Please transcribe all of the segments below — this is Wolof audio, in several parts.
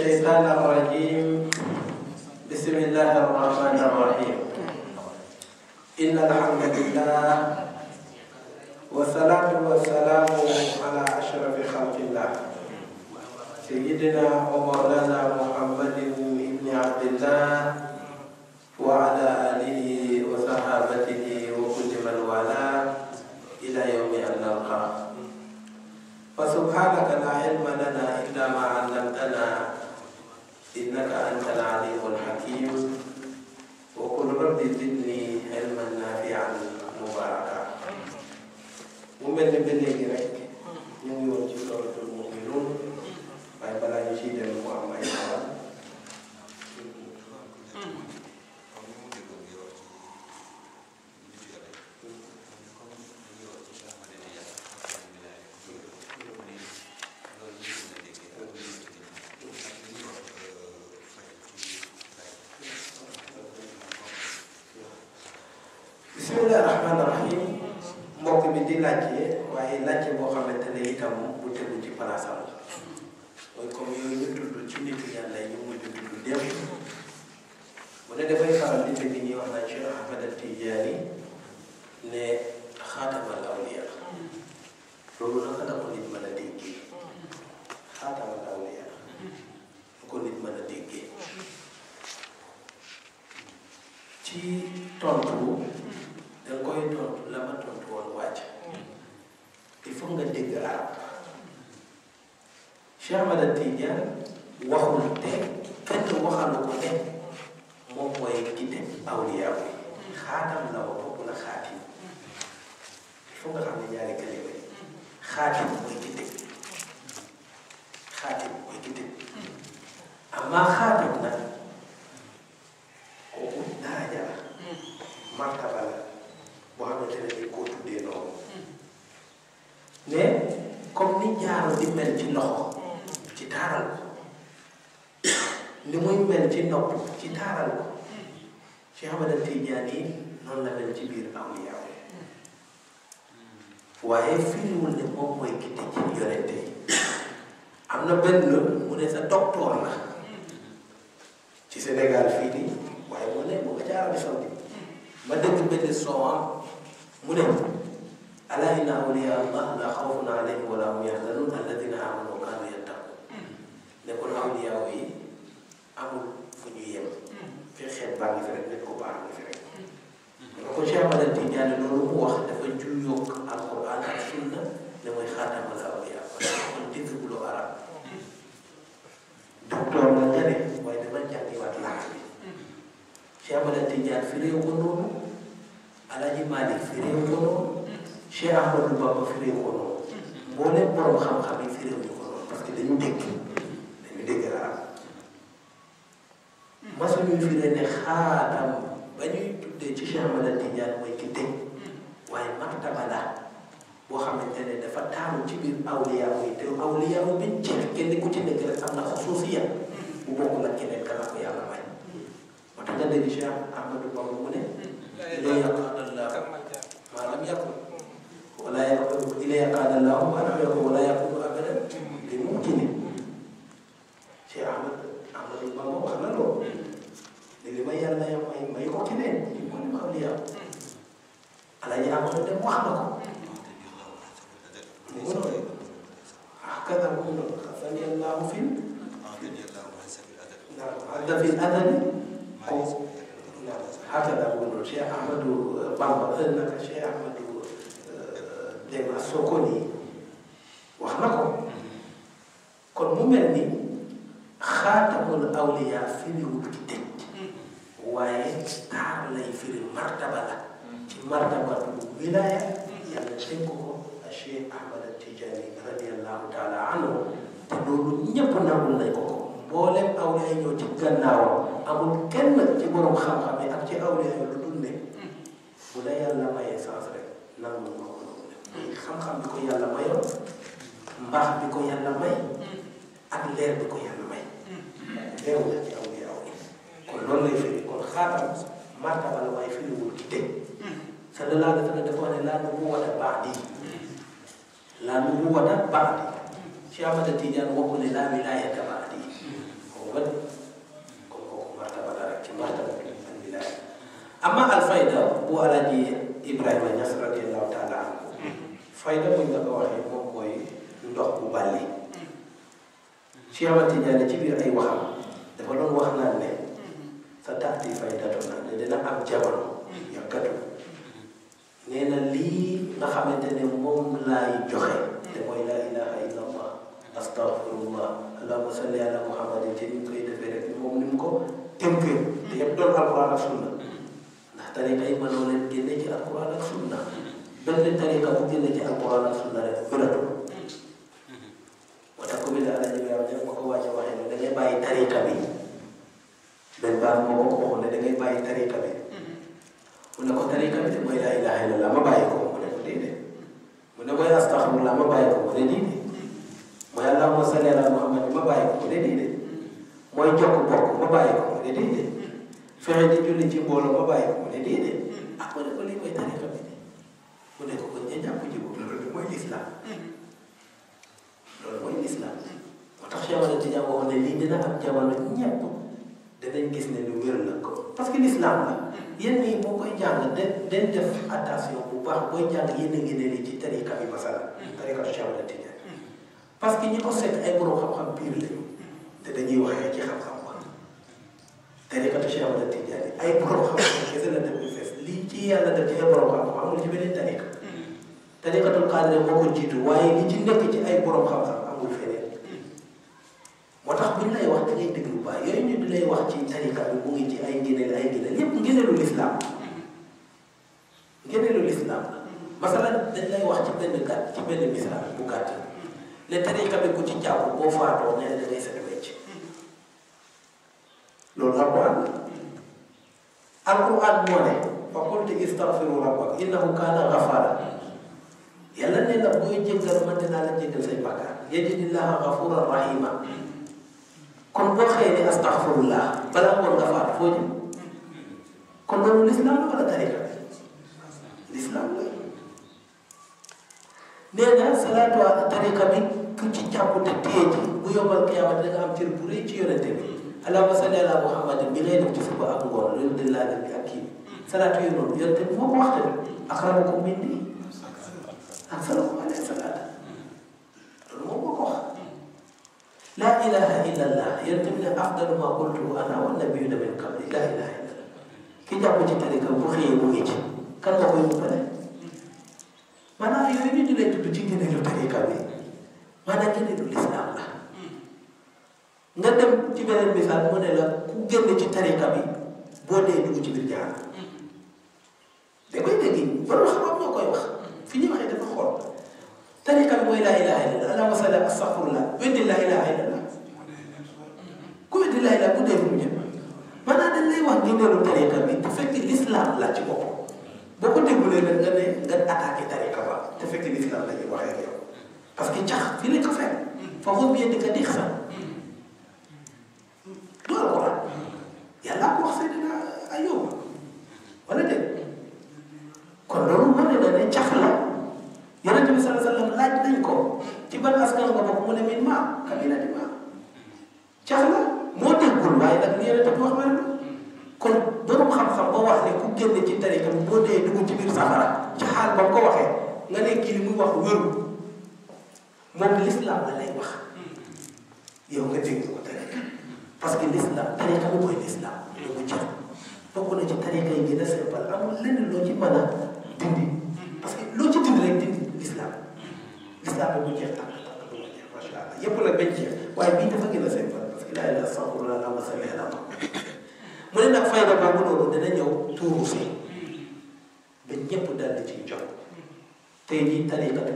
الشيطان الرجيم بسم الله الرحمن الرحيم إن الحمد لله والصلاة والسلام على أشرف خلق الله سيدنا ومولانا محمد بن عبد الله وعلى آله وصحابته وكل من والاه إلى يوم نلقاه فسبحانك لا علم لنا إلا ما علمتنا إنك أنت العليم الحكيم وكل رب زدني علما نافعا مباركا ومن بني إليك من يوجد رب المؤمنون فبلا يجيد المؤمنين domaine la mu ne sa docteur la ci Sénégal fii nii waaye mu ne mu nga ca Arabie Saoudite ma dégg benn soowam mu ne alaa inna awliya allah la xawfun alayhim wala hum yaxzanun alladina amanu wa kaanu yattaqun ne kon awliya yi amul fu ñu yem fi xeet baa ngi fi rek nit ko baax ngi fi rek nga ko Cheikh Ahmad Tidiane loolu mu wax dafa ju yokk alquran ak sunna ne mooy xaatamal ba nga ne waaye dama jàngiwaat laaj bi Cheikh Ahmada Tidiane firee ko noonu Alaaji Malick firee ko noonu Cheikh Ahmadou Bamba firee ko noonu mbooleem borom xam-xam yi firee ko noonu parce que dañu dégg dañu dégg arab masuñu firee ne xaatam ba ñuy tuddee ci Cheikh Ahmada Tidiane mooy la boo xamante ne dafa taamu ci biir awliyaa yi te awliyaa yi biñ jeex kenn ku ci nekk am na xusuusiya bu bokkul ak keneen dana ko yàlla may moo tax dañ ne Cheikh Ahmadou Bamba mu ne hmm. ila yaqaadallaahu hmm. hmm. maa lam yakun wala yaqul ila yaqaadallaahu maa lam yakun wala yaqulu abadan li mumkinin nangu nañ ko mboolem aw yi ñëw ci gannaawam amul kenn ci borom xam-xam yi ak ci awliya yi lu dul ne bu la yàlla mayee sens rek nangu ko xam-xam bi ko yàlla mayoon mbaax bi ko yàlla may ak leer bi ko yàlla may leew la ci awliya yi kon loolu firi kon xaatam martaba la waaye firiwul ci teg sa la laal dafa ne dafa ne laa nubuwwata ba'di laa nubuwwata ba'di siapa tijan tidak kulli la wilayata ba'di ko wad ko ko martaba dara ki martaba amma al fayda bu alaji ibrahima ñas radiyallahu ta'ala anhu fayda buñ la ko waxe mom koy ndox bu balli cheikh ahmad tidiane ci biir ay waxam dafa doon wax naan ne sa taati faydatuna nga joxe te ilaha استغفر الله اللهم صل على محمد تيم كاي دافي رك موم نيمكو تيم كاي ييب دون القران والسنه ناه تاني تاي ما نولن ген نتي القران والسنه بل الطريقه بو ген نتي القران والسنه رك فرات وتاكم الى ان يجي يا جماعه كو واجي واخا دا ngay باي طريقه بي بن با مو كو خو دا ngay باي طريقه بي ونكو طريقه بي موي لا اله الا الله ما بايكو مو دي مو نوي استغفر الله ما بايكو مو دي mooy allahumma salli ala Muhammad ma bàyyi ko ne diine mooy jokk bokk ma bàyyi ko ne diine fexe di julli ci mbooloo ma baay ko ah, ne diine ah na ko lii mooy tariqa bi de mu ne ko kon ñu jàpp ci boobu loolu mooy lislaam loolu mooy lislaam moo tax Cheikh na Tidiane waxoon ne lii dina am gis ne lu wér la ko parce que lislaam la yéen ñii boo koy jàng den den def attention bu baax booy jàng yéen a ngi ne li ci tariqa bi masala tariqa parce que ñi ko seet ay borom xam-xam biir lañu te dañuy waxee ci xam-xam wax tarikatu Cheikh Ahmed Tidiane ay borom xam-xam kese la dem fees lii ci yàlla def ci ay borom xam-xam amul ci beneen tarika tarikatul Qaadiriya moo ko jiitu ci nekk ci ay borom xam-xam amul feneen moo tax buñ lay wax da ngay déglu bu baax yooyu ñu di wax ci tarika bi mu ngi ci ay ngëneel ay ngëneel yépp ngëneelu lislaam ngëneelu lislaam masalan dañ wax ci benn gàtt ci benn misaal bu la tariqa bi ku ci jàpp boo faatoo ne da ngay set wecc loolu alquran moo ne fa qultu istaghfiru rabbakum innahu kaana ghafaara yàlla ne la booy jéggal man dinaa la jéggal say bàkkaar yajidillaha ghafuuran rahiima kon boo xëyee ne astaghfirullah balaa ngoon nga faatu foo jëm kon loolu lislaam la wala tariqa lislaam nee na salaatu tariqa bi ku ci jàpp te téye ji bu yombal qiyaama da nga ci yonente bi allahumma salli ala muhammadin bi ngay def ci suba ak ngoon loolu de laa def bi ak kii salaatu yooyu salaatu alayhi salaatu loolu moom moo ko wax laa ilaha illa ne afdalu ma qultu ana wa nabiyuna min qabli laa ilaha illa ki jàpp ci tariqa bu xëyee mu ngi ci kan la mu pare maana yuridi ile kitu kingine ilotaka kawe maana kile ndo Islam la nga dem ci benen misal mu ne la ku genn ci tariqa bi bo dee dugg ci biir jaar da koy dégg borom xam moo koy wax fi ñu waxee dafa xool tariqa bi mooy laa ilaha illallah allahumma salli astaghfirullah weddi laa ilaha illallah ku weddi laa ilaha ku dee mu mana maanaam dañ lay wax génneelu tariqa bi bu fekk l'islam la ci boppam boo ko déggulee nag nga ne nga attaqué tariqa ba te fekk ni islam la ñuy waxee ak yow parce que cax fii lañ ko fekk foofu bi yéen di ko dégg sax du alquran yàlla ko wax Seydina Ayoub wala dégg kon loolu wane na ne cax la yonent bi sallallahu laaj nañ ko ci ban askan nga bokk mu ne min ma kabila di ma cax la moo déggul waaye nag li yonent bi wax ma ba wax ne ku génn ci tariqa bi boo dee dugg ci biir safara ci xaal ba ko waxee nga ne kii li muy wax wéru moom lislaam la lay wax yow nga dégg ko tariqa parce que lislaam tariqa bu mooy lislaam lu mu jar bokk na ci tariqa yi gën a simple amul lenn loo ci mën a dindi parce que loo ci dindi rek naa lislaam lislaam yëpp la bañ jeex waaye bii dafa a simple parce mu ne nag fayda boobu noonu dina ñëw tuuru si ba ñëpp dal di ciy jot tey jii tariqa bi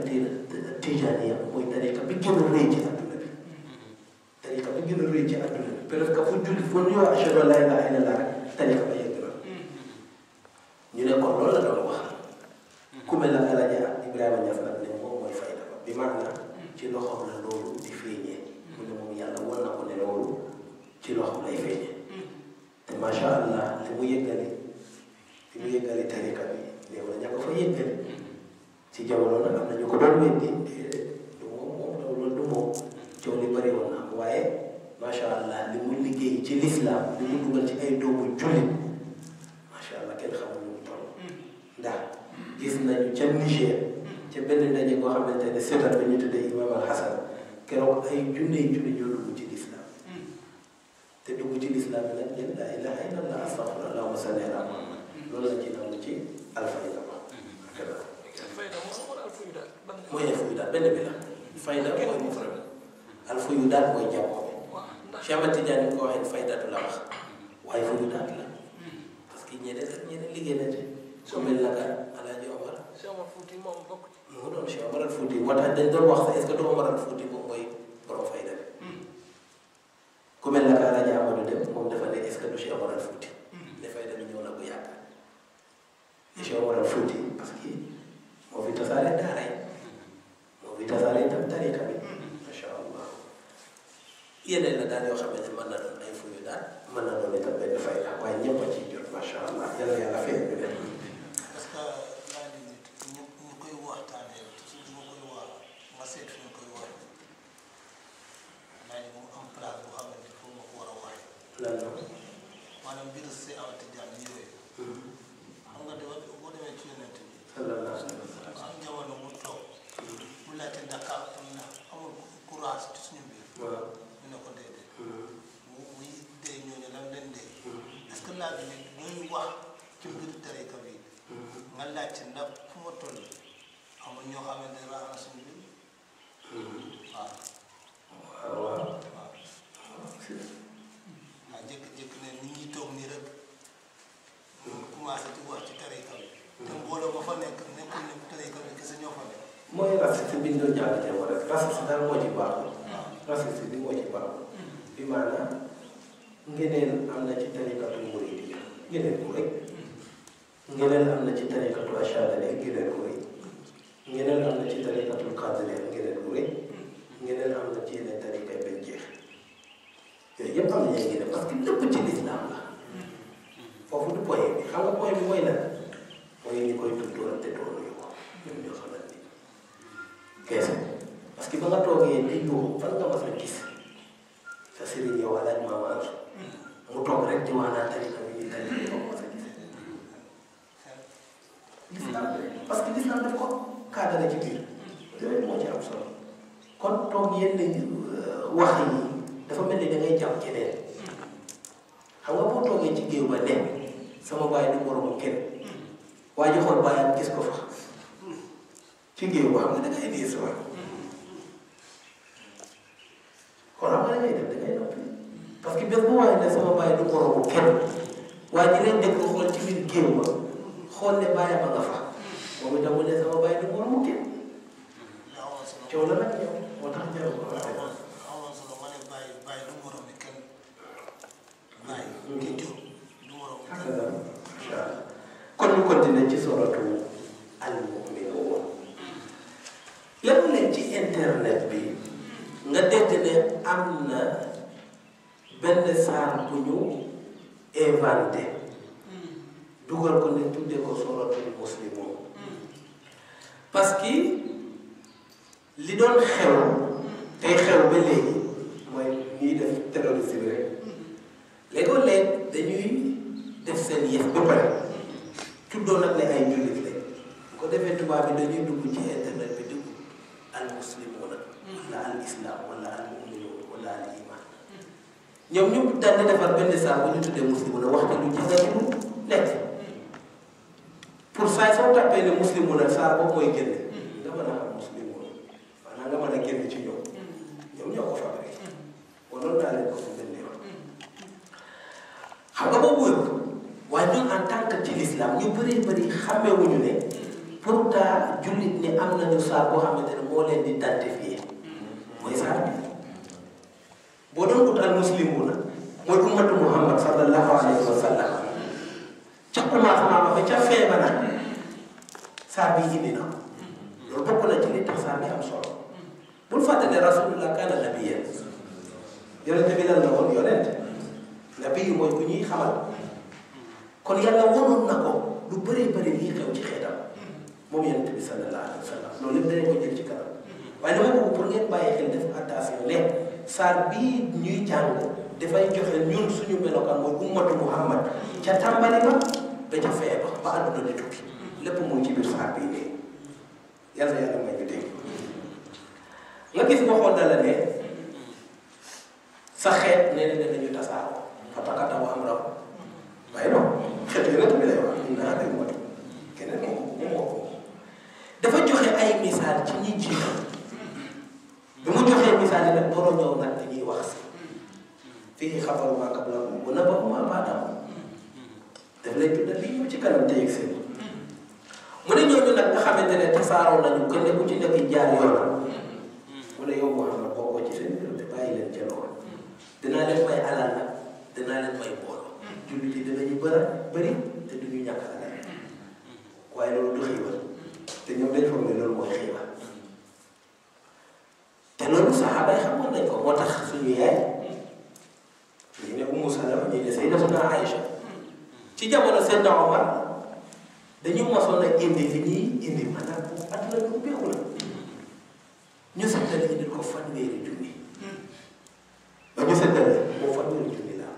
tijaaniya mooy tariqa bi gën a rëy ci adduna bi tariqa bi gën a rëy ci adduna bi peut-être que fu julli fu ñu wax ashhadu an laa ilaaha illallaah rek tariqa ba yegg na ñu ne kon loolu la doon wax ku mel ne El Hadj Ibrahima Niass nag ne moom mooy fayda ba bi maanaam ci loxoom la loolu di feeñee mu ne moom yàlla war na ko ne loolu ci loxoom lay feeñee. macha allah li mu yëngale li mu yëngale tarika bi léegi nag ña ko fa yëngale ci jamono nag na ñu ko doon weddi du moom moom loolu du moom coow li allah li mu liggéey ci lislaam li mu dugal ci ay doomu jullit macha allah kenn xamul lu mu toll ndax gis nañu ca Niger ca benn ndaje boo xamante ne seetal bi ñu tuddee imam ay junne junne ñoo dugg ci laa ilaaha illallaah astaghfirullaah allaahumma salli alaa Muhammad loolu la ci nangu ci alfayda ba mooy alfayda benn bi la fayda mooy mufrad alfayda mooy jàmm Cheikh Ahmad Tidiane bi ko waxee la wax waaye faydaat la parce que ñeneen ak liggéey na ci soo mel la kan Alaaji Omar mu doon Cheikh Omar al Fouti moo wax est-ce que du Omar al Fouti moom mooy borom ku mel ne Kaana Diakhoune dem moom dafa ne est-ce que du Cheikh Omar Fouti dafay dem ñëw na bu yàgg di Cheikh Omar Fouti parce que moo fi tasaare daara yi moo fi tasaare itam tariqa bi macha allah yeneen la daal yoo xam ne na doon ay fuyu daal mën na doon itam benn fayda waaye ñëpp a ciy jot macha allah yàlla yàlla fay ma la. maanaam biir séance Tijaan yooyu. Mm-hmm. a moo rek racisme daal moo ci baaxul racisme bi moo ci baaxul bi maanaam ngeneen am na ci tarikatu murid yi ngeneen bu rek keese parce que ba nga toogee di yuuxu fan nga mas a gis sa sëriñ yow alaaj maamaar mu toog rek jumaanaa tariqa bi ñuy tariqa bi nga mas a gis. lislaam hmm. parce que lislaam daf ko kaadara ci biir yooyu moo ci am solo kon toog yenn euh, wax yi dafa mel ni da ngay jàpp keneen xam nga boo toogee ci géew ba ne sama bàyyi du moromu kenn hmm. waa ji xool gis ko fa. ci ngir waaw nga da ngay dee sa waay kon xam nga da ngay def da ngay noppi parce que bés bu waaye ne sama bàyyi du moromu kenn waaye ñi leen dégg xool ci biir géew ba xool ne bàyyi ma nga fa moom itam mu ne sama bàyyi du nga dégg ne am na benn saar bu ñu inventé dugal ko ne tuddee ko suratul muslimoon parce que li doon xew tey xew ba léegi mooy ñuy def terrorisme rek léegoo-léeg dañuy def seen yëf ba pare tuddoo nag ne ay jullit lañ bu ko defee tubaab bi dañuy dugg ci internet bi dugg al muslimoon la al islam wala al mu'minun wala al iman ñoom ñëpp dañ di defar ñu tuddee muslimuna wax te lu ci lu nekk pour saa soo tàppee ne muslimuna saa boobu mooy génne nga mën a xam muslimuna maanaam nga mën a génn ci ñoom ñoom ñoo ko fabriqué wala loolu daal leen ko fi yoon xam nga boobu wér waaye ñun ci l'islam ñu bëree bëri xàmmewuñu ne pourtant jullit ñi am nañu saa boo xamante ne moo leen di mooy saar boo doon ut al muslimuna mooy ummatu muhammad sallallahu alayhi wa sallam ca commencement ba ca feebar na saar bi indi na loolu bokk na ci li tax saar am solo bul fàtte ne kaana nabiyyan yonent bi lan la woon yonent nabi mooy ku ñuy xamal kon yàlla wonoon na ko lu bëree bëri lii xew ci xeetam moom yonent bi sallallahu alayhi wa sallam loolu lépp danañ ko jël ci kanam waaye damay bëgg pour ngeen bàyyi xel def attention ne saar bii ñuy jàng dafay joxe ñun suñu melokaan mooy ummatu muhammad ca tàmbali ba ba ci biir saar bii dee yàlla yàlla na danañu tasaaroo am raw waaye non xeet joxe ay misaal ci ñi jiitu bi mu joxee misaal yi nag borom nag li ñuy wax si fii xabaru maa qablahu wa naba'u maa ba'dahu daf lay tuddal li ñëw ci kanam tey ak seen mu ne ñooñu nag nga xamante ne tasaaroo ci nekk jaar yoon mu ne yow Muhammad bokkoo te bàyyi leen ca lool dinaa leen may alal nag dinaa leen may mbooloo jullit yi bëra bëri te duñu ñàkk alal waaye loolu du xiiba te ñoom dañ foog ne loolu mooy xiiba te loolu saxaaba yi xamoon nañ ko moo tax suñu yaay ñu ne Umu Salama ñu ne Sayyidatuna Aïcha ci jamono Seydina Omar dañu mosoon a indi li ñuy indi maanaam bu at la ñu béeku la ñu seddale ñu ko fanweeri junni ba ñu seddale moo fanweeri junni la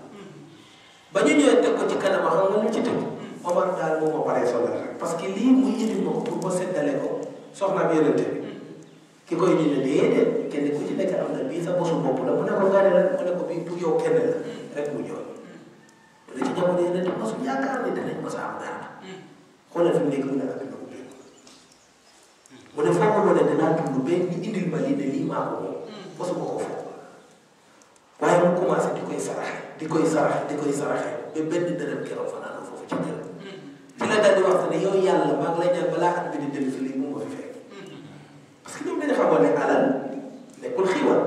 ba ñu ñëwee teg ko ci kanam xam nga lu ci teg Omar daal moo ma paree sonal parce que lii muy indi moom pour ma seddalee ko soxna bi yonente bi ki koy ñu ne déedéet kenn ku ci nekk am na bii sa bosu bopp la mu ne ko gane la mu ne ko bii pour yow kenn la rek mu jooy te ne danañ mos a am dara xoolal fi mu nekk nga ak ko béy mu ne foo ko doon danaa dund ba ñu ko moom waaye mu commencé di koy saraxe di koy saraxe di koy saraxe ba benn dërëm keroog fanaan foofu ci ci la daal di wax ne yow yàlla maa ngi lay ñaan balaa at bi di dem parce que ñoom dañu xamoon ne alal nekkul xiiwal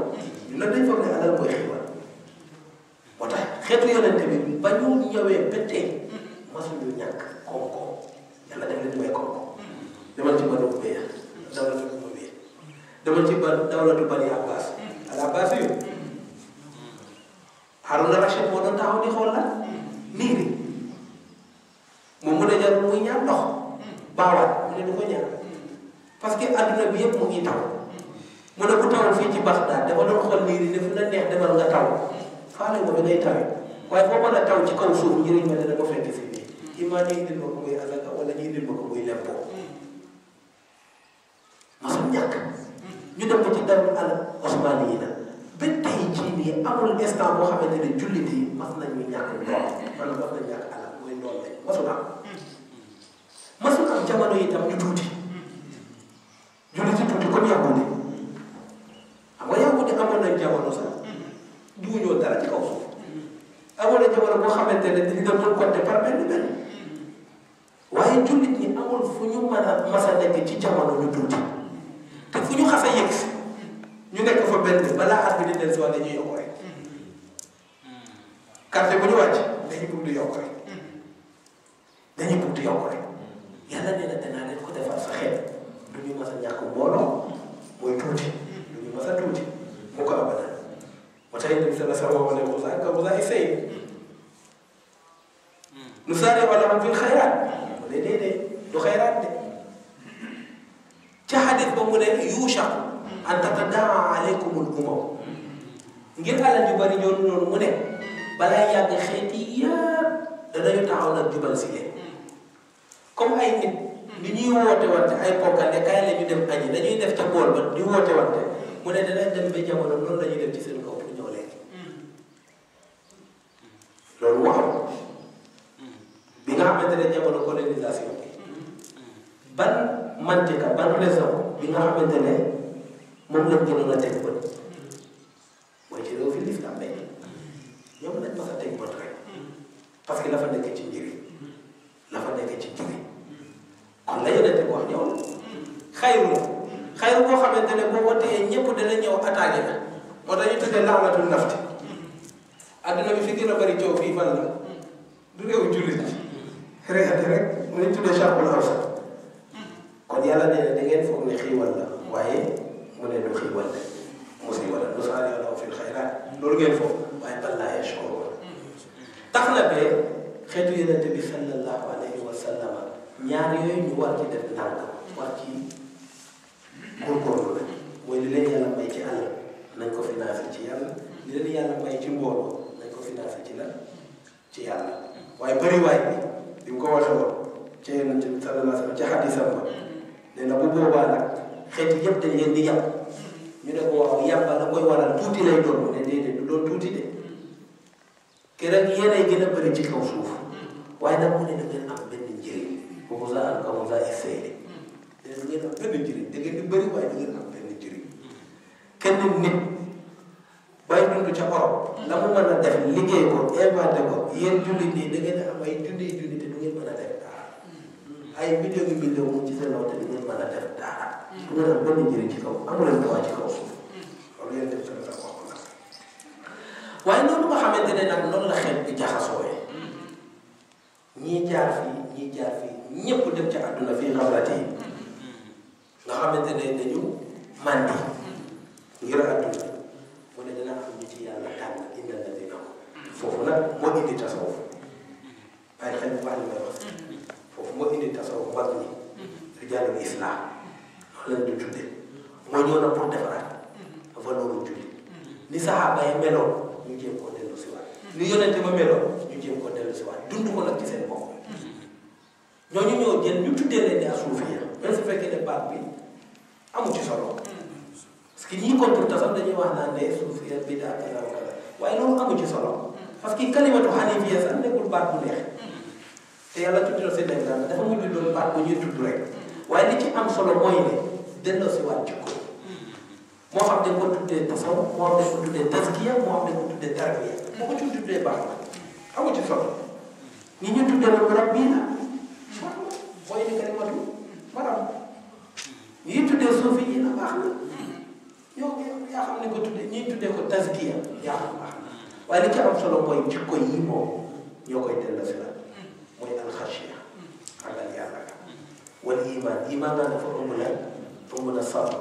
ñun nag dañu foog ne alal mooy xiiwal moo tax xeetu yonente bi ba ñu ñëwee ba tey masuñu ñàkk koom-koom yàlla def nañu may koom-koom demal ci banu Umayya dawlatu Umayya demal ci ban dawlatu Bani Abbas al Abbas yu Harun Rashid moo doon taxaw di xool la niiri moom mu ne jarul muy ñaan ndox mu ne du ko ñaan parce que adduna bi yëpp mu ngi a mu ne bu tawul fii ci Bagdad dafa doon xool lii nii fu la neex demal nga taw faale wu ba ngay tawee waaye foo mën taw ci kaw suuf njëriñ ma dana ko dem ci daru yi la ba tey nii amul instant boo xamante ne jullit yi mas nañu ñàkk lool wala mas nañu ñàkk alal mooy lool lañ am yàggante xam nga yàggante amoon nañ jamono sax juuñoo mm-hmm. dara ci kaw suuf xamante ne dañu doon doon compter par benn benn mm-hmm. waaye jullit amul fu ñu a mas a nekk ci jamono ñu tuuti te fu ñu xasee yegg ñu nekk fa benn balaa at bi di wax dañuy yokk rek mm-hmm. carte bu ñu wàcc dañu bugg di yokk rek dañuy bugg di yokk rek yàlla nee na danaa leen ko defal sa xel. du ñu mës a ñàkk mbooloo mooy tuuti du ñu mës a tuuti mu ko abada ba tey nabi sala sala wax ne Moussa ka Moussa isay nu saare wala am fil xayraat mu ne déedéet du xayraat de ca xadis ba mu ne yuushaq an tatadaa aleykumul umam ngir alal yu bari ñoonu noonu mu ne balaa yàgg xeeti yëpp danañu jubal si leen comme ay li ñuy woote wante ay pokkal ne kaay la ñu dem añi dañuy def ca bool ba di woote wante mu ne danañ dem ba jamono loolu la ñuy def ci seen kaw pour ñëw lekk loolu waxam bi nga xamante ne jamono colonisation bi ban mantika bi nga xamante ne moom lañ gënoon a teg bari coow fii fan la du réew jullit reexate rek mu ñu tuddee charbon hausa kon yàlla nee na da ngeen foog ne xiiwal la waaye mu ne du xiiwal de musiba la lu saal yàlla fil xayraat loolu ngeen foog waaye balaa ya choro tax na ba xeetu yonente bi sallallahu alayhi wa sallam ñaar yooyu ñu war ci def ndànk war ci góorgóorlu la mooy li leen yàlla may ci àll nañ ko financé ci yàlla li leen yàlla may ci mbooloo istixdaas ci la ci yàlla waaye bëriwaay bi bi mu ko waxee woon ci yonent bi sallallahu alayhi wa sallam ci xadisam ba nee na bu boobaa nag xeet yëpp dañ leen di yàpp ñu ne ko waaw yàppa la koy waral tuuti lay doon ne déedéet du doon tuuti de keroog yéen ci kaw waaye nag mu ne da ngeen am benn njëriñ saa am kaw saa essayé da ngeen am benn njëriñ da ngeen di bëri waaye da ngeen am benn njëriñ kenn bay dund ca Europe mu mën a def liggéey ko inventé ko yéen jullit nii da ngeen a am ay mën a def ay vidéo yi vidéo mu ci seen te du wax la waaye loolu nga xamante ne noonu la xeet bi jaxasoo ñii jaar fii ñii jaar fii ñëpp dem ca àdduna fii xamlate yi nga xamante ne dañu màndi ngir àdduna ci yàlla tànn indal na dina ko foofu nag moo indi tasawuf bàyyi xel bu baax li may wax foofu moo indi tasawuf mag ñi rijaalul islam loolu lañ di tudde moo ñëw na pour defaraat valeur jullit ni saxaaba yi meloon ñu jéem ko dellu si waat ni yonente ma meloon ñu jéem ko dellu si waat dund ko nag ci seen bopp ñooñu ñoo jël ñu tuddee leen di asuufiya même su fekkee ne bi amu ci solo parce que ñi contre ta sax dañuy wax naan ne suuf yan bi daa kala kala waaye loolu amu ci solo parce que kalimatu hanifiya sax nekkul baat bu neex te dafa mujj doon baat bu ñuy tudd rek waaye li ci am solo mooy ne delloo si waat moo xam dañ ko tuddee tasaw moo xam dañ ko tuddee taskiya moo xam dañ ko tuddee tarbiya moo ko ci tuddee baax na amu ci solo ni ñu tuddee loolu rab bii la mooy ni kalimatu maanaam ñi tuddee suuf yi la baax na yow yaa xam ne ko tuddee ñuy tuddee ko tasgiya yaa xam baax na waaye li ci am solo mooy jikko yi moom ñoo koy dellasi la mooy alxasiya ragal yàlla ga wal iman iman naa dafa ëmb lan ëmb na sabr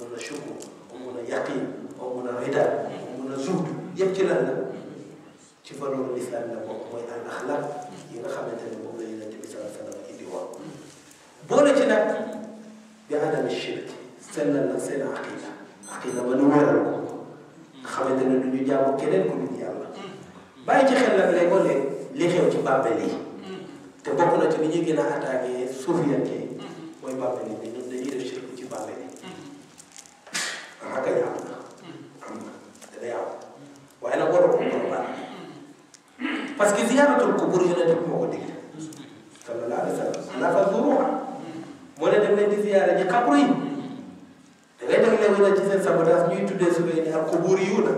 ëmb na shukur ëmb na yaqin ëmb na rida ëmb na zuhd yëpp ci lan la ci valeur l'islam la bokk mooy al axlaq yi nga xamante ne moom la yonent bi sallallahu alayhi wa sallam indi woon boole ci nag bi adami shirk sellal na seen aqida xëy na ba nu wéeral ko nga xamante ne du ñu jàmm keneen ku dul yàlla bàyyi ci xel nag li xew ci bàmmeel yi te bokk na ci li ñuy gën a attaqué suufiyante yi mooy bàmmeel yi ñun dañuy def sirku ci bàmmeel yi ah kay am na am na dana yàqu waaye nag waroo ko war baax parce que ziyaaratul qubur yonent bi moo ko digle ne dem leen di da ngay def léegi nag ci seen sabotage ñuy tuddee suba yi ak xubuur yiw na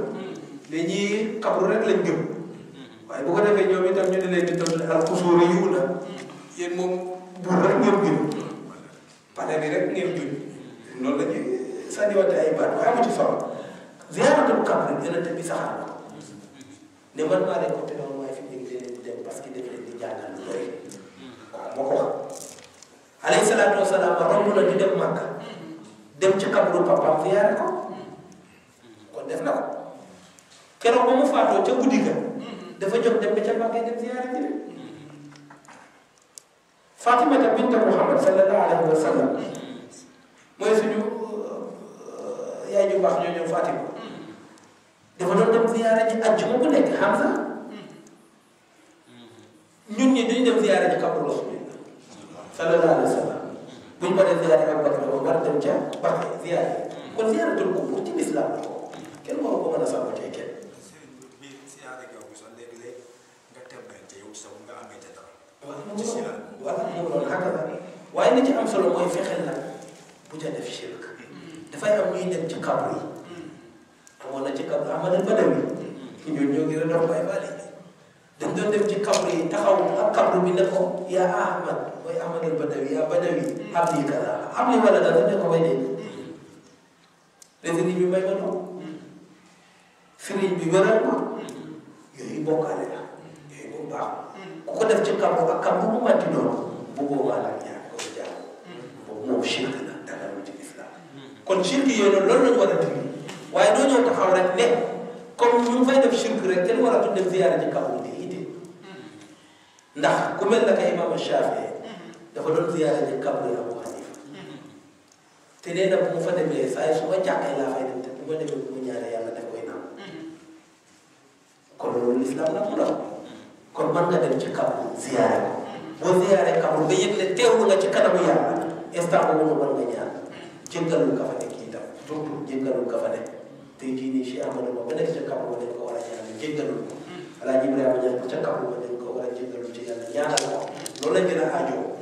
dañuy mm-hmm. xabru rek lañ gëm mm-hmm. waaye bu ko defee ñoom itam ñu ne leen di toll al xusuur yiw na mm-hmm. yéen moom buur rek ngeen gëm pare bi la ñuy sànniwante ay baat waaye amu ci solo ziyaaratul xabri yonent bi saxaar na ne man maa leen ko teewoon waaye fi ñu ngi leen dem parce que daf leen di jàngal lu bëri waaw moo ko wax dem ci kaburu papaam ziyaare ko kon def na ko keroog ba mu faatoo ca guddi ga dafa jóg dem ba ca Mbakke dem ziyaare ji Fatimata bint Muhammad sallallahu alayhi wa sallam mooy euh, yaay ju baax ñooñu Fatima dafa doon dem ziyaare ji àjjuma bu nekk ñun ñi dañu dem ziyaare ji kaburu Rasulullah sallallahu alayhi wa sallam buñ ko def ziyaare Abubakar ba war a dem ca Bakke ziyaare kon ziyaaratul kubur ci lislaam la ko kenn waru ko mën a sabotee kenn. waaw mu doon hakaza waaye li ci am solo mooy fexeel nag bu ca def shirk dafay am ñuy dem ci kabru yi amoon na ci kabru Ahmad Badawi ki ñoo ñoo ngi doon dox bay bale dañ doon dem ci kabru yi taxaw ak kabru bi ne ko yaa Ahmad wai Ahmad al-Badawi ya Badawi habli kaza habli walada dañ ne ko may dee te sëriñ bi may ma ko def ci kàmbu ak kàmbu bu manti doon bu boobaa la ñaar ko sa jàmm boobu moom shirk la dagalul ci islam kon shirk yooyu noonu loolu lañu war a dindi waaye doo ñëw taxaw rek ne comme ñu fay def shirk rek kenn waratu dem ziyaara ci kàmbu ndax ku mel na ka dafa doon ziyaare ji kabri Abu Hanifa te nee na bu ma fa demee saa su ma jàkkee laa fay dem te bu ma demee bu ma ñaaree yàlla daf koy naan kon loolu lislaam la mu doon kon mën nga ko boo ziyaaree kabri nga yëg ne teewlu nga ci kanamu yàlla instant boobu mën nga ñaan jéggalul ka fa nekk itam surtout jéggalul ka fa nekk tey jii nii Cheikh Amadou Ba ba nekk ca kabri ba dañ ko war a ñaan ko Alaaji Ibrahima Ñas ca kabri ba dañ ko war a jéggalul ci yàlla ñaanal ko loolu lañ gën a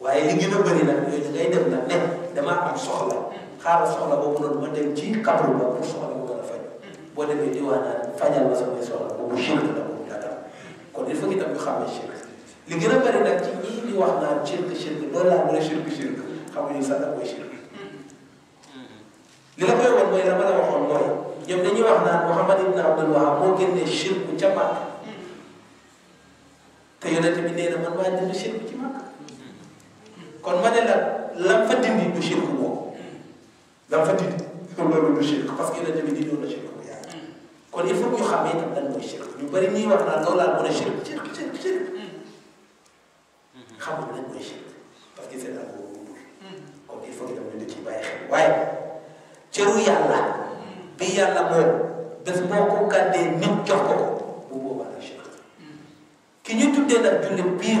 waaye li gën a bëri nag yooyu da ngay dem nag ne soxla xaaral soxla boobu noonu ma dem ci kabru ba pour soxla bu gën a faj boo demee di wax naan fajal ma samay soxla boobu shirk la boobu daal kon il faut que tam ñu xamee shirk li gën a bëri nag ci wax naan shirk shirk loolu laa mën a shirk shirk xamuñu sax la mooy li la koy wan mooy la ma la waxoon mooy ñoom dañuy wax naan Muhammad ibn Abdul Wahab moo génnee shirk ca Màkka te yonent bi nee na man maa dindi shirk ci Màkka kon ma la lam fa dindi du shirk boobu lam fa dindi loolu parce que la bi di doon na shirk bu yàgg kon il faut ñu xamee lan mooy shirk ñu bëri ñuy wax naan loolu laa mën a shirk shirk shirk shirk xamul lan mooy shirk parce que c'est la boobu kon il faut itam ñu di ci bàyyi xel waaye cëru yàlla ko gàddee nit ki ñu tuddee nag jullit biir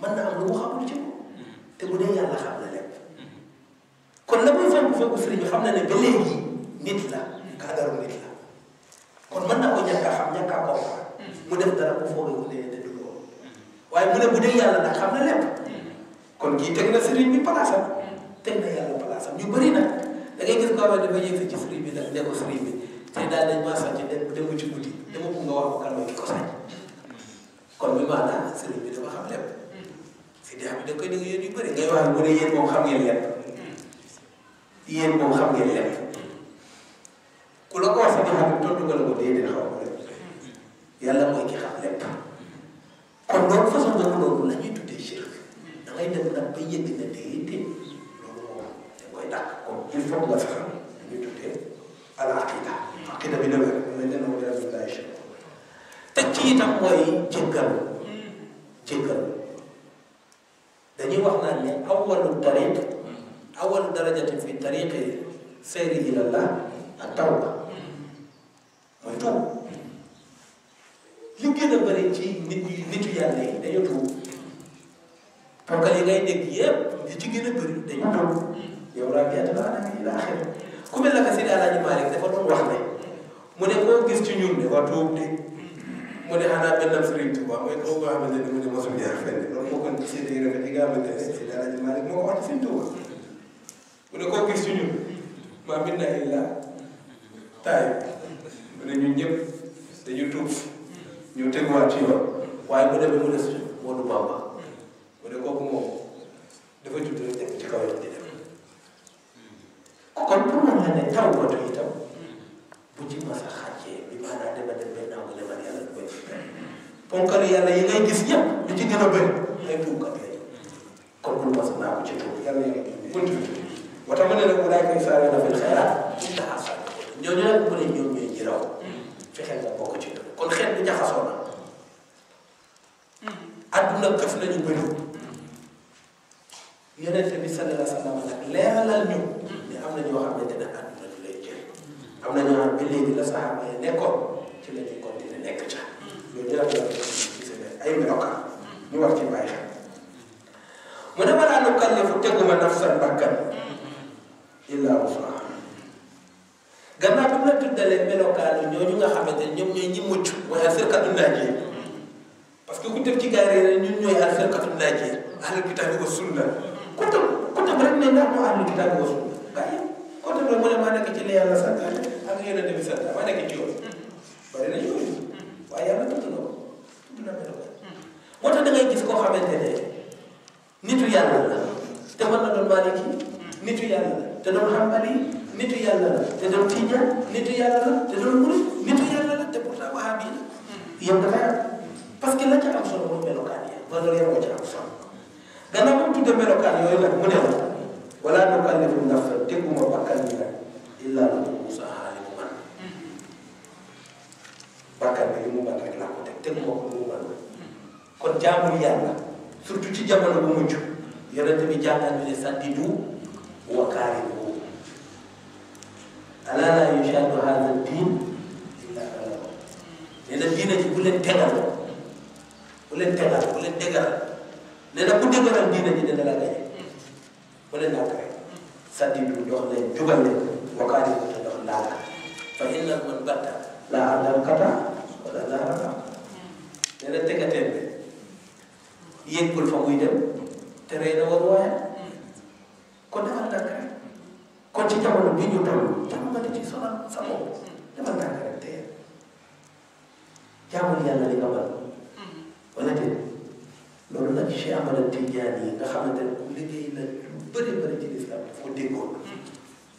man na am lu mu xamul ci moom te bu dee yàlla xam na kon la muy fekk fekk sëriñ xam na ne ba léegi nit la nit la kon mën naa ko ñàkk a xam mu def dara bu foogee ne ne du loolu waaye mu ne bu dee yàlla nag xam na lépp kon kii teg na sëriñ bi palaasam teg na yàlla palaasam ñu bari na da ngay gis ko xam ne dafa yëkkati ko sëriñ bi te daal dañ maa sàcc dem dem ci guddi dama bëgg nga ko kan ko sàcc kon bi dafa xam lépp. Sidi Ahmed da nga koy dégg yéen yu bëri ngay wax mu ne yéen moom xam ngeen lépp yéen moom xam ngeen lépp ku la ko wax sa jamono tontu nga la ko déedéet xaw ma mooy ki na illa taay mu ne ñun ñëpp dañu tuub ñu teguwaat ci yoon waaye bu demee mu des wolu Bàmba ak yeneen tamit sant am na nekk ci yoon. bari na yoon waaye yàlla tudd na ko tudd na ko. moo tax da ngay gis koo xamante ne nitu yàlla la te mën na doon maaliki nitu yàlla la te doon xambali nitu yàlla la te doon tijaan nitu yàlla la te doon murit nitu yàlla la te pourtant wahabi la yow dafay am parce que la ca am solo mooy melokaan yi valeur ya moo ca am solo gannaaw moom tudde melokaan yooyu nag mu ne la wala nukallifu nafsan teguma bakkan bi nag illa usahaa li mu mën bàkkaar bi li mu mën rek laa ko teg tegu ma ko li mu mën kon jaamul yàlla surtout ci jamono bu mujj yonente bi jàngal ñu ne saddidu wa qaaribu alaa laa yushadu haada diin illa na diina ji bu leen tegal bu leen tegal bu na bu dëgëral diina ji dana la gañe bu leen nàkk rek saddidu dox leen jubal leen wa qaaribu laala fa in lam mën batta laa dal kata wala laa la nee na tegateen bi yëggul fa muy dem te rey na war waaye hmm. kon dafa ndànk rek kon ci jamono bi ñu toll jamono di ci sonal sa bopp hmm. dafa ndànk rek te jaamul yàlla li nga mën hmm. wala déet loolu nag Cheikh Ahmad Tidiane nga xamante ne ku liggéey la lu bëri bëri ci lislaam foo déggoon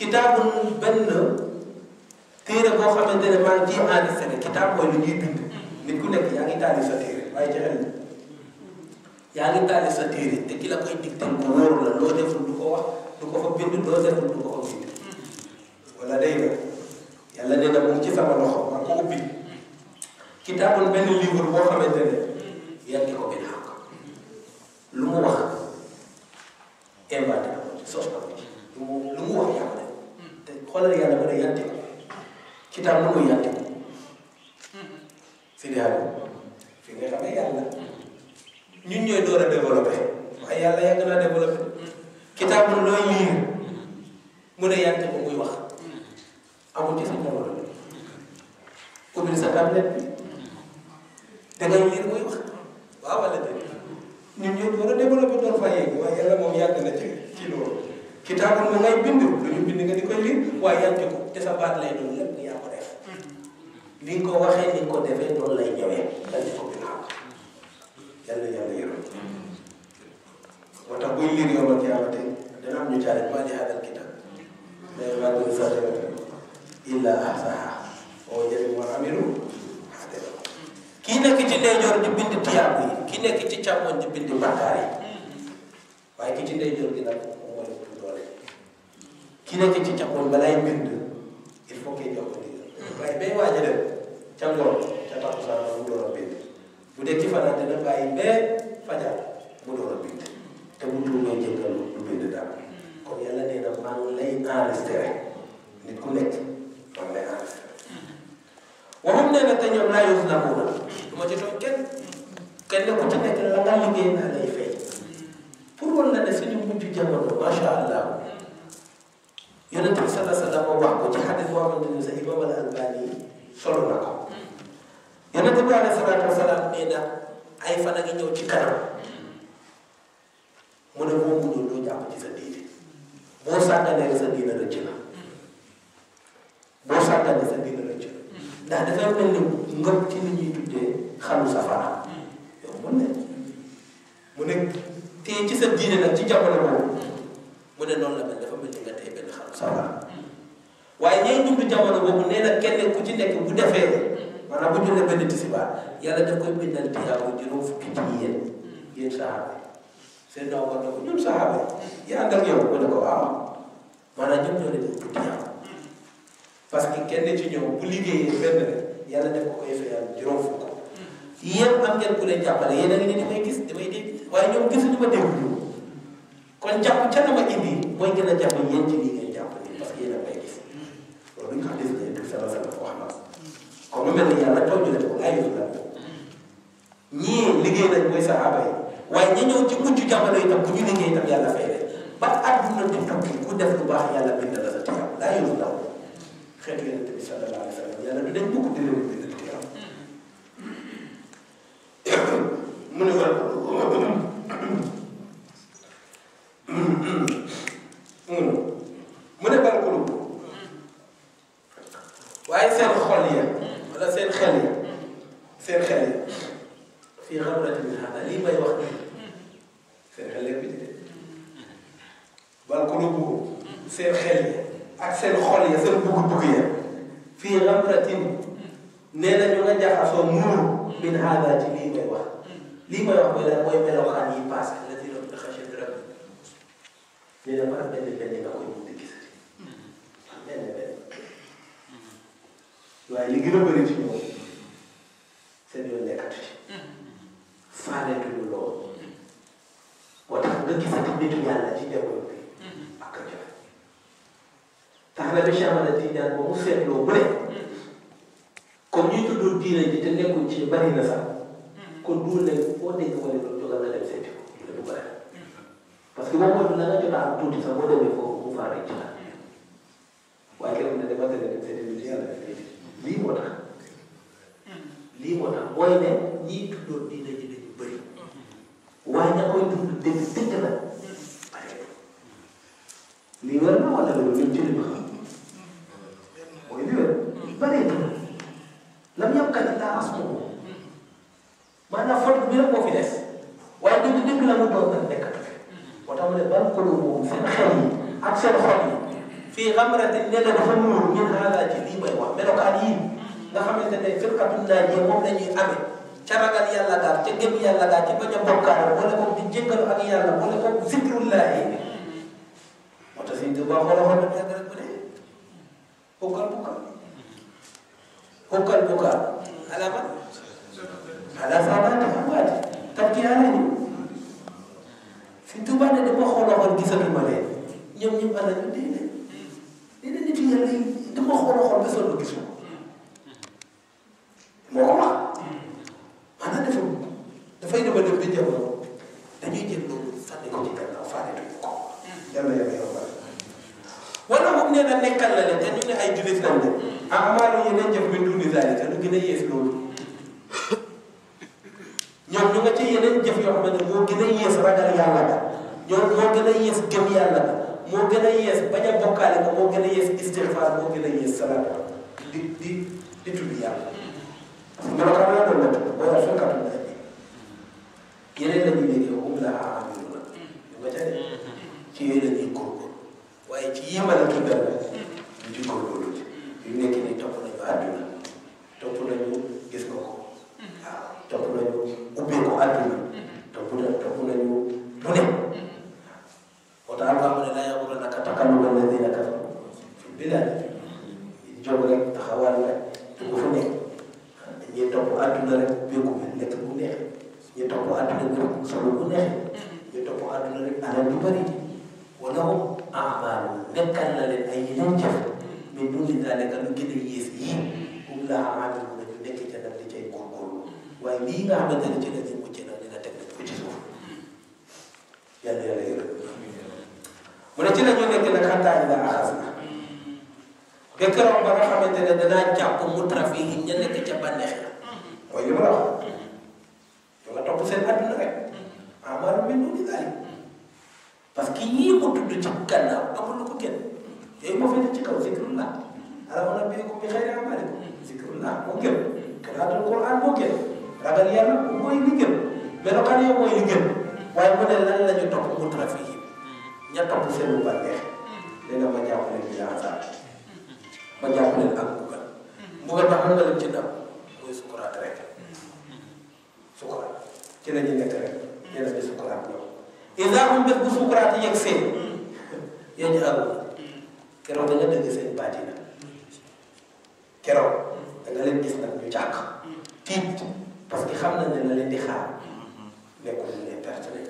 kitaabun benn téere boo xamante ne maa ngi ciy enregistré kitaab lu ñuy bind. nit ku nekk yaa ngi taali sa téere waaye ci xel yaa ngi taali sa téere te ki la koy dicté ko wóor la loo deful du ko wax du ko fa bind loo deful du ko fa bind. wala day nga yàlla nee na mu ci sama loxo ma ko ubbi kitaabun benn livre boo xamante ne yàgg ko benn xam lu mu wax inventé ko sos ko lu mu wax yàlla xoolal yàlla mën a yàtte kitaab mënul yàtte si daal fi nga xam ne yàlla ñun ñooy door a développé waaye yàlla yàgg naa développé kitaab mu looy liir mën a yàtte ko muy wax amul ci sa développé ubbil sa tablette bi da ngay liir muy wax waaw wala déet ñun ñooy door a développé door fa yegg waaye yàlla moom yàgg na ci ci loolu Kita pun ngay bind lu bind nga di koy lim waaye ko te sa baat lay doon lépp yaa ko def li ko waxee ni ko defee noonu lay ñëwee dal ko binaaw yàlla yàlla yërëm moo tax buy liir dana am ñu di hadal sa illa ahsaha oh, amiru kii nekk ci ndeyjoor di bind tiyaabu yi kii nekk ci càmmoñ di bind bàkkaar yi ki ci ki nekk ci càppoon balay bind il faut que jox ko ndigal waaj a dem ca ngoon ca takkusaan mu door a bu de ci fanaan dina bàyyi bee fajar mu door a te bu dul ngay jëngal lu bind dara kon nee na maa ngi lay enregistré nit ku nekk maa ngi lay enregistré ne na te ñoom laa yos naa ko du ci toog kenn ku ci nekk la nga liggéey naa lay fay pour wan la ne suñu mujj jamono macha allah yonent bi salla sallam moom wax ko ci xadis boo xamante ay fan a ngi ñëw ci kanam mu ne boo ci sa diine boo sàgganee la ci li ñuy mun ne mu ci sa diine nag ci jamono boobu mu ne noonu la mel dafa mel ni nga téye sawara waaye ñooy dund jamono boobu nee na kenn ku ci nekk bu defee maanaam bu jullee benn tisbaar yàlla daf koy bindal tiyaabu juróom fukki ci yéen yéen saxaaba seen ndaw war na ko ñun ne ko waaw ah, maanaam ñun ñoo leen parce que kenn ci ñoom bu liggéeyee benn rek yàlla daf ko koy fayal juróom ku leen jàppale yéen a ngi ne damay gis damay waaye ñoom gisuñu ma dégg kon jàpp mooy gën a jàpp yéen ci bu ñu ko déggee pour fexe fexe ko wax na kon lu mel ni yàlla toog ñu ne ko ay la ñii liggéey nañ mooy saxaaba yi waaye ñi ci mujj jamono yi tam bu ñu liggéey tam yàlla fay leen ba àdduna di tukki ku def lu baax yàlla bind la sa tiyaab laa yëngu ndaw xeetu yonent bi sallallahu alayhi wa sallam yàlla du dañ bokk di leen gis nga Cheikh Ahmad Tidiane ba mu seetloo bu ne comme ñuy tudd diine ji te nekkuñ ci bari na sax kon duul ne boo dégg wala loolu jógal nga dem seeti ko te du ko def parce que moom mooy la nga jot a am tuuti sax boo demee foofu mu faa rek ci la waaye kenn ne dafa tënk dem seeti lu ci yàlla def lii moo tax lii moo tax mooy ne ñiy tuddoon diine ji dañu bëri waaye ña koy dund dégg na mm. lii war na wala loolu ñun ci li ma ne la dafa ñëw ñun xaaral ci lii may wax melokaan yii nga xamante ne firqatullaahi yi moom la ñuy amee ca ragal yàlla gaal ca gëm yàlla gaal ca bañ a bokkaale wala boog di jéggalu ak yàlla wala boog zikrullaahi moo tax si Tuubaa xoolal xool rek rek bu dee bokkal bokkal bokkal bokkal alaama ala sabaati awaati tabki alayni si Tuubaa ne dama xoolal xool gisatu ma leen ñoom ñëpp ana ñu dee ne nii dama xool xool ba sonn gis bëri wala wala amaalu nekkal na leen ay yeneen jëf mais bu ñu daa nekk lu gën a yées yii laa amaalu nekk ca nag di cay góorgóorlu waaye lii nga xamante ne ci la ñu mucc nag dina teg nañ ko ci suuf yàlla yàlla yërëm mu ne ci la ñu nekk nag xantaa ila axas na ba keroog nekk ca bànneex la mooy li ma la wax nga amaalu min duni daalik parce que yii mu tudd ci gannaaw amul lu ko kenn yooyu moo fekk ci kaw zikrullah alhamdulilah bii ko bi xëy na amaale ko zikrullah moo gën qiraatul Quran gën ragal yàlla mooy li gën melokaan yi mooy li gën mu ne lan la ñu topp mu trafic yi ña topp seen bu bànneex léegi ma jàpp leen bila hasar ma jàpp leen ak mbugal mbugal ba xam nga leen ci ndam mooy sukuraat rek sukuraat ci la ñu nekk rek yéen a ngi sukuraat ñoom iza hum bés bu sukkuraati yegg seen yéen ñu àggu keroog da nga dégg seen baat yi nag keroog da nga leen gis nag ñu jàkk tiit parce que xam nañ ne la leen di xaar mm-hmm. nekkul ne